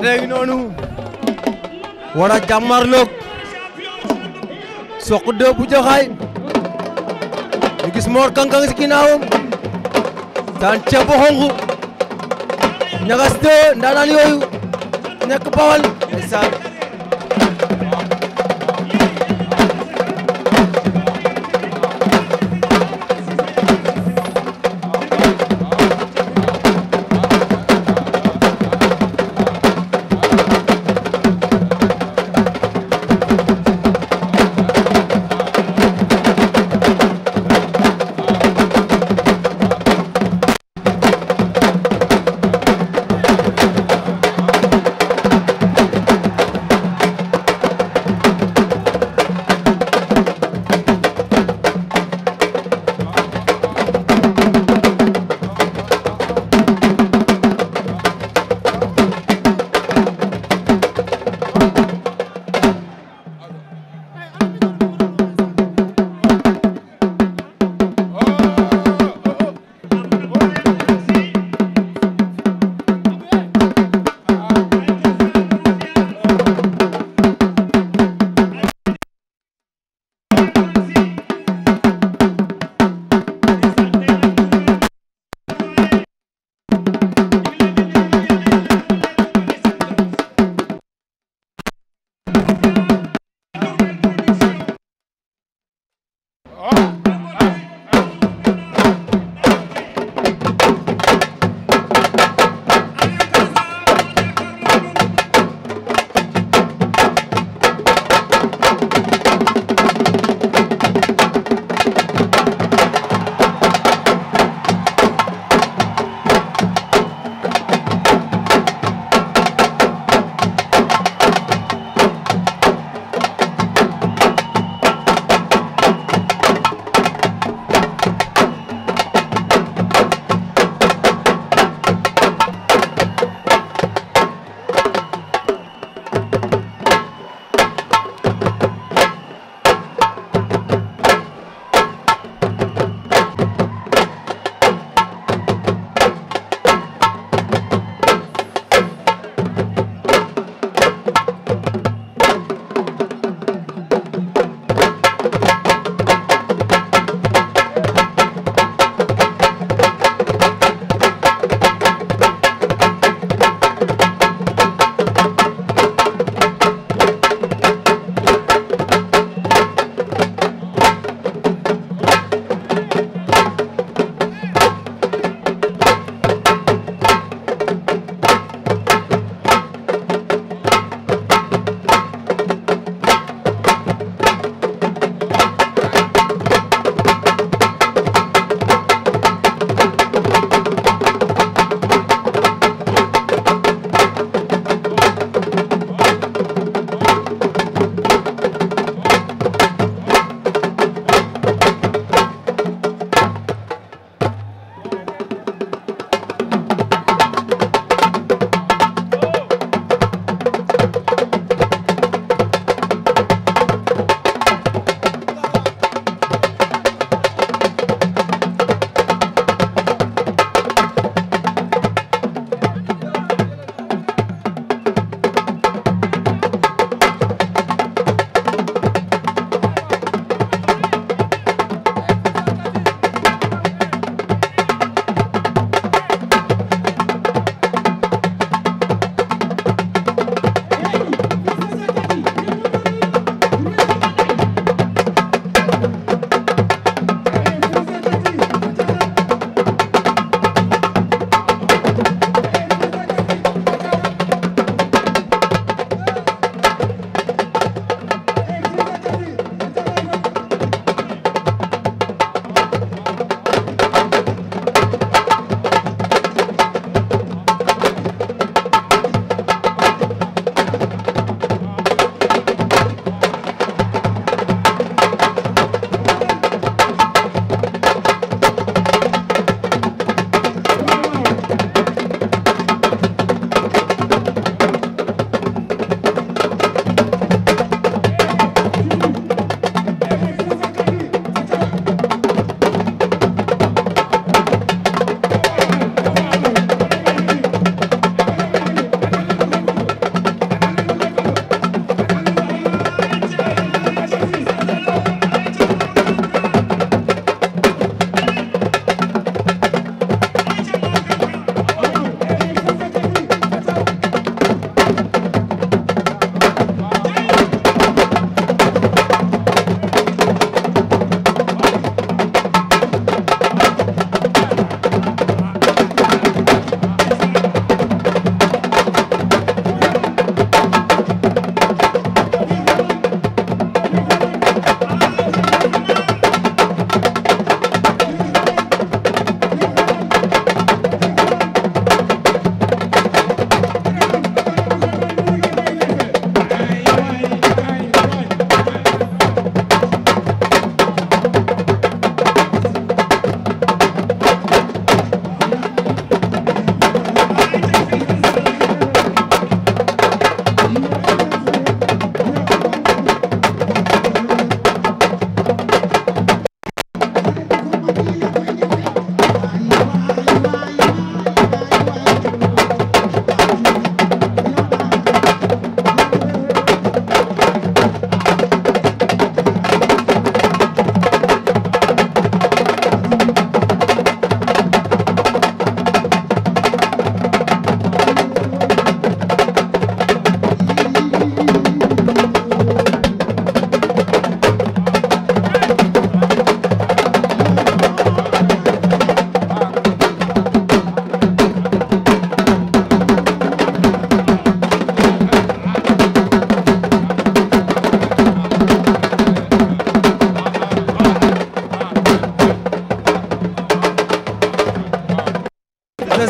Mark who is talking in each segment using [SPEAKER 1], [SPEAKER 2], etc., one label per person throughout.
[SPEAKER 1] Pathé ngi noonu war a jàmmarloog Sokh 2 bu Jaxaay ñu gis Mor Kankang si ginnaawam daan ceebo xonq ñagas ndaanaan yooyu nekk bawal ndeysaan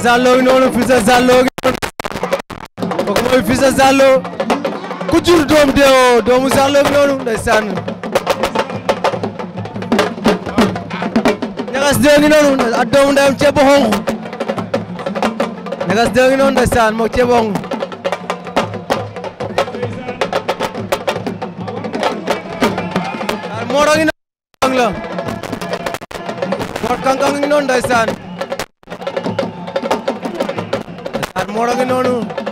[SPEAKER 1] Fils de Zalo ngi noonu Fils de Zalo ngi noonu kooku mooy Fils de Zalo ku jur doom deewoo oh, doomu Zalo ngi noonu ndeysaan ñagas dee ngi noonu ak doomu ndeyam ceeb bu xonq ñagas dee ngi noonu ndeysaan moog ceeb bu xonq mooro ngi noonu la moor kankan ngi noonu ndeysaan Armor a ngi noonu